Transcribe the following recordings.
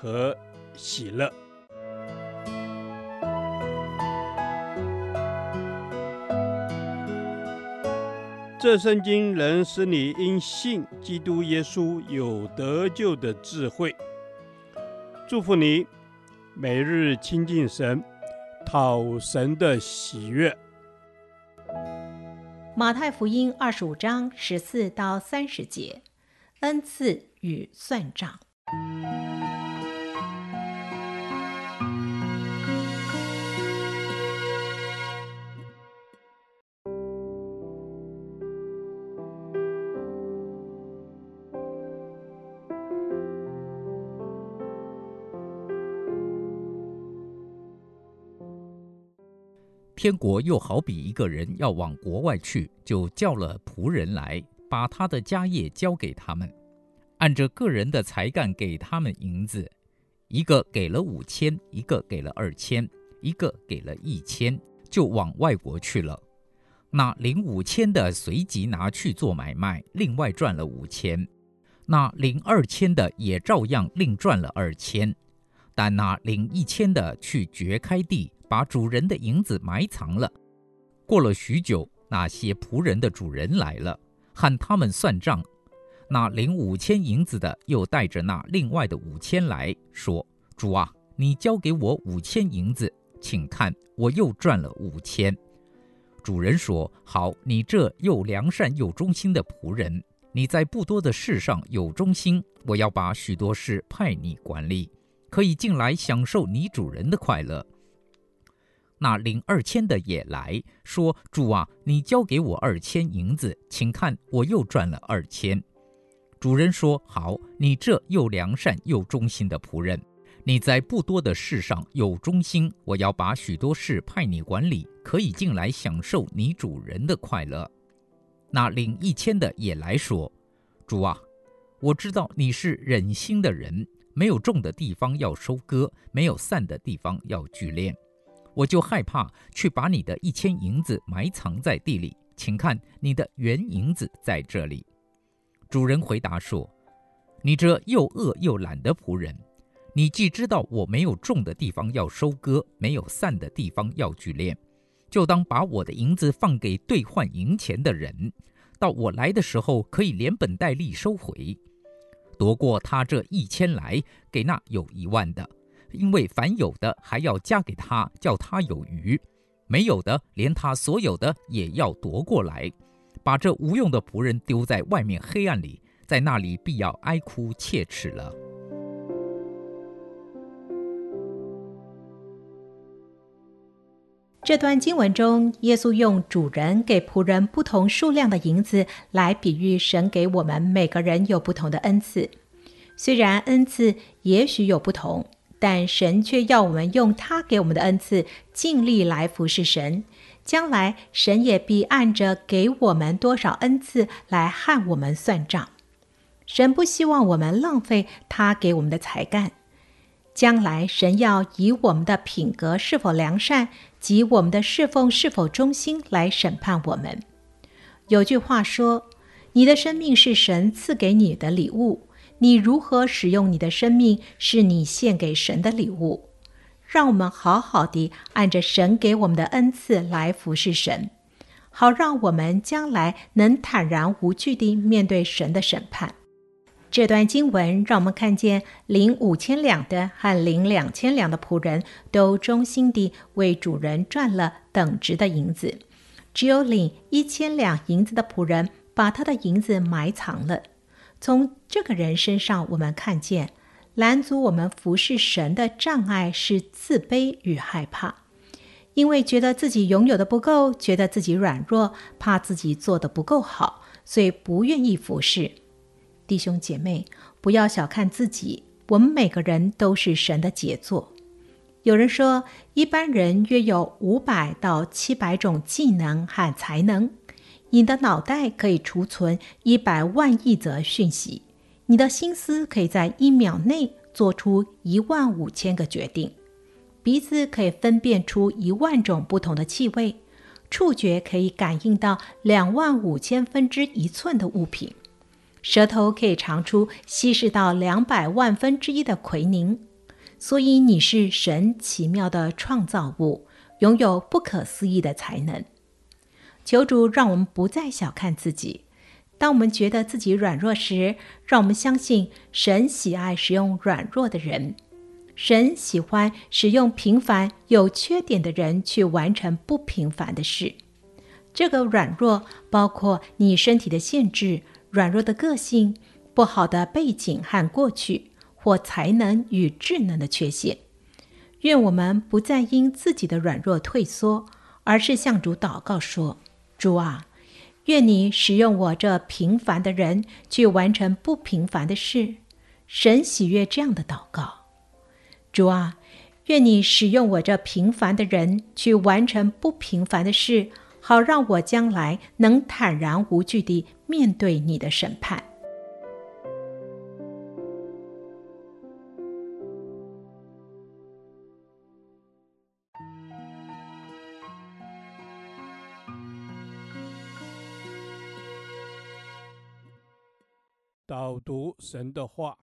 和喜樂。這聖經能使你因信基督耶穌有得救的智慧。祝福你，每日親近神，討神的喜悅。馬太福音二十五章十四到三十節：恩賜與算賬。天國又好比一個人要往國外去，就叫了僕人來，把他的家業交給他們，按着個人的才幹給他們銀子，一個給了五千，一個給了二千，一個給了一千，就往外國去了。那領五千的隨即拿去做買賣，另外賺了五千；那領二千的也照樣另賺了二千；但那領一千的去掘開地。把主人的銀子埋藏了。過了許久，那些僕人的主人來了，喊他們算賬。那領五千銀子的又帶着那另外的五千來，說：“主啊，你交給我五千銀子，請看，我又賺了五千。”主人說：“好，你這又良善又忠心的僕人，你在不多的事上有忠心，我要把許多事派你管理，可以進來享受你主人的快樂。”那領二千的也來說：“主啊，你交給我二千銀子，請看我又賺了二千。”主人說：“好，你這又良善又忠心的僕人，你在不多的事上有忠心，我要把許多事派你管理，可以進來享受你主人的快樂。”那領一千的也來說：“主啊，我知道你是忍心的人，沒有種的地方要收割，沒有散的地方要聚斂。”我就害怕，去把你的一千銀子埋藏在地裡，請看你的原銀子在這裡。主人回答說：“你這又惡又懶的僕人，你既知道我沒有種的地方要收割，沒有散的地方要聚斂，就當把我的銀子放給兌換銀錢的人，到我來的時候可以連本帶利收回，奪過他這一千來給那有一萬的。”因為凡有的還要加給他，叫他有餘；沒有的，連他所有的也要奪過來。把這無用的僕人丟在外面黑暗裡，在那裡必要哀哭切齒了。這段經文中，耶穌用主人給僕人不同數量的銀子來比喻神給我們每個人有不同的恩賜，雖然恩賜也許有不同。但神卻要我們用他給我們的恩賜盡力來服侍神，將來神也必按着給我們多少恩賜來和我們算賬。神不希望我們浪費他給我們的才幹，將來神要以我們的品格是否良善及我們的侍奉是否忠心來審判我們。有句話說：“你的生命是神賜給你的禮物。”你如何使用你的生命，是你獻給神的禮物。讓我們好好的按着神給我們的恩賜來服侍神，好讓我們將來能坦然無懼地面對神的審判。這段經文讓我們看見，領五千兩的和領兩千兩的僕人都忠心地為主人賺了等值的銀子，只有領一千兩銀子的僕人把他的銀子埋藏了。從這個人身上，我們看見攔阻我們服侍神的障礙是自卑與害怕，因為覺得自己擁有的不夠，覺得自己軟弱，怕自己做的不夠好，所以不願意服侍。弟兄姐妹，不要小看自己，我們每個人都是神的傑作。有人說，一般人約有五百到七百種技能和才能。你的腦袋可以儲存一百萬億則訊息，你的心思可以在一秒內做出一萬五千個決定，鼻子可以分辨出一萬種不同的氣味，觸覺可以感應到兩萬五千分之一寸的物品，舌頭可以嘗出稀釋到兩百萬分之一的奎寧。所以你是神奇妙的創造物，擁有不可思議的才能。求主讓我們不再小看自己。當我們覺得自己軟弱時，讓我們相信神喜愛使用軟弱的人，神喜歡使用平凡、有缺點的人去完成不平凡的事。這個軟弱包括你身體的限制、軟弱的個性、不好的背景和過去，或才能與智能的缺陷。願我們不再因自己的軟弱退縮，而是向主禱告說。主啊，願你使用我這平凡的人去完成不平凡的事，神喜悅這樣的禱告。主啊，願你使用我這平凡的人去完成不平凡的事，好讓我將來能坦然無懼地面對你的審判。導讀神的話，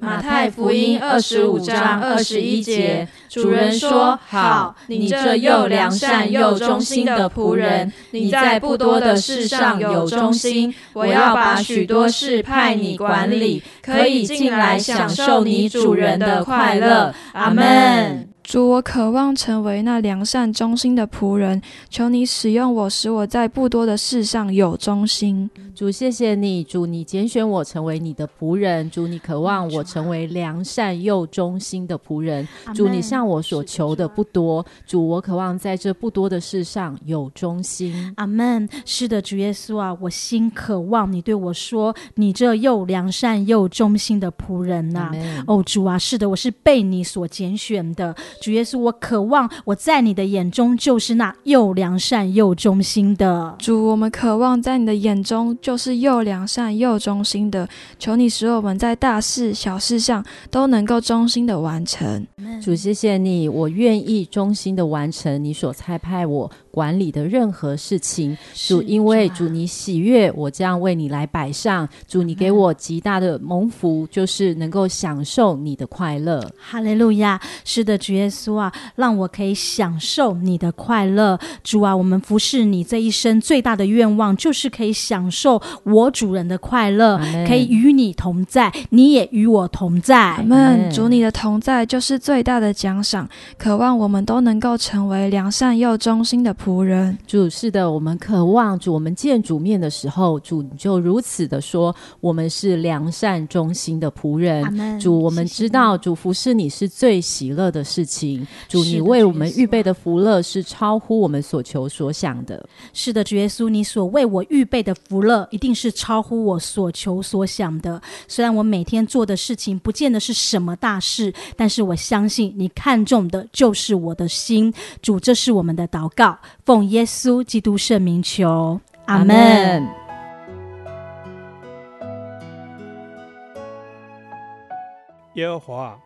《馬太福音》二十五章二十一節，主人說：“好，你這又良善又忠心的僕人，你在不多的事上有忠心，我要把許多事派你管理，可以進來享受你主人的快樂。阿們”阿門。主，我渴望成為那良善忠心的僕人，求你使用我，使我在不多的事上有忠心。主，謝謝你，主，你揀選我成為你的僕人，主，你渴望我成為良善又忠心的僕人。主、啊主，你向我所求的不多。主、啊主，我渴望在這不多的事上有忠心。阿門。是的，主耶穌啊，我心渴望你對我說：“你這又良善又忠心的僕人吶、啊。Amen ”哦、oh，主啊，是的，我是被你所揀選的。主耶穌，是我渴望，我在你的眼中就是那又良善又忠心的主。我們渴望在你的眼中就是又良善又忠心的，求你使我們在大事小事上都能夠忠心的完成。Amen. 主，謝謝你，我願意忠心的完成你所差派我管理的任何事情。主，因為主你喜悅我這樣為你來擺上。主，你給我極大的蒙福，就是能夠享受你的快樂。哈利路亞。是的，主耶。主啊，讓我可以享受你的快樂。主啊，我們服侍你這一生最大的願望，就是可以享受我主人的快樂，Amen. 可以與你同在，你也與我同在。阿們。主你的同在就是最大的獎賞，嗯。渴望我們都能夠成為良善又忠心的僕人。主，是的，我們渴望主。我們見主面的時候，主你就如此的說，我們是良善忠心的僕人。Amen, 主，我們知道，謝謝。主服侍你是最喜樂的事情。主，你為我們預備的福樂是超乎我們所求所想的。是的，主耶穌，你所為我預備的福樂一定是超乎我所求所想的。雖然我每天做的事情不見得是什麼大事，但是我相信你看中的就是我的心。主，這是我們的禱告，奉耶穌基督聖名求，阿門。耶和華。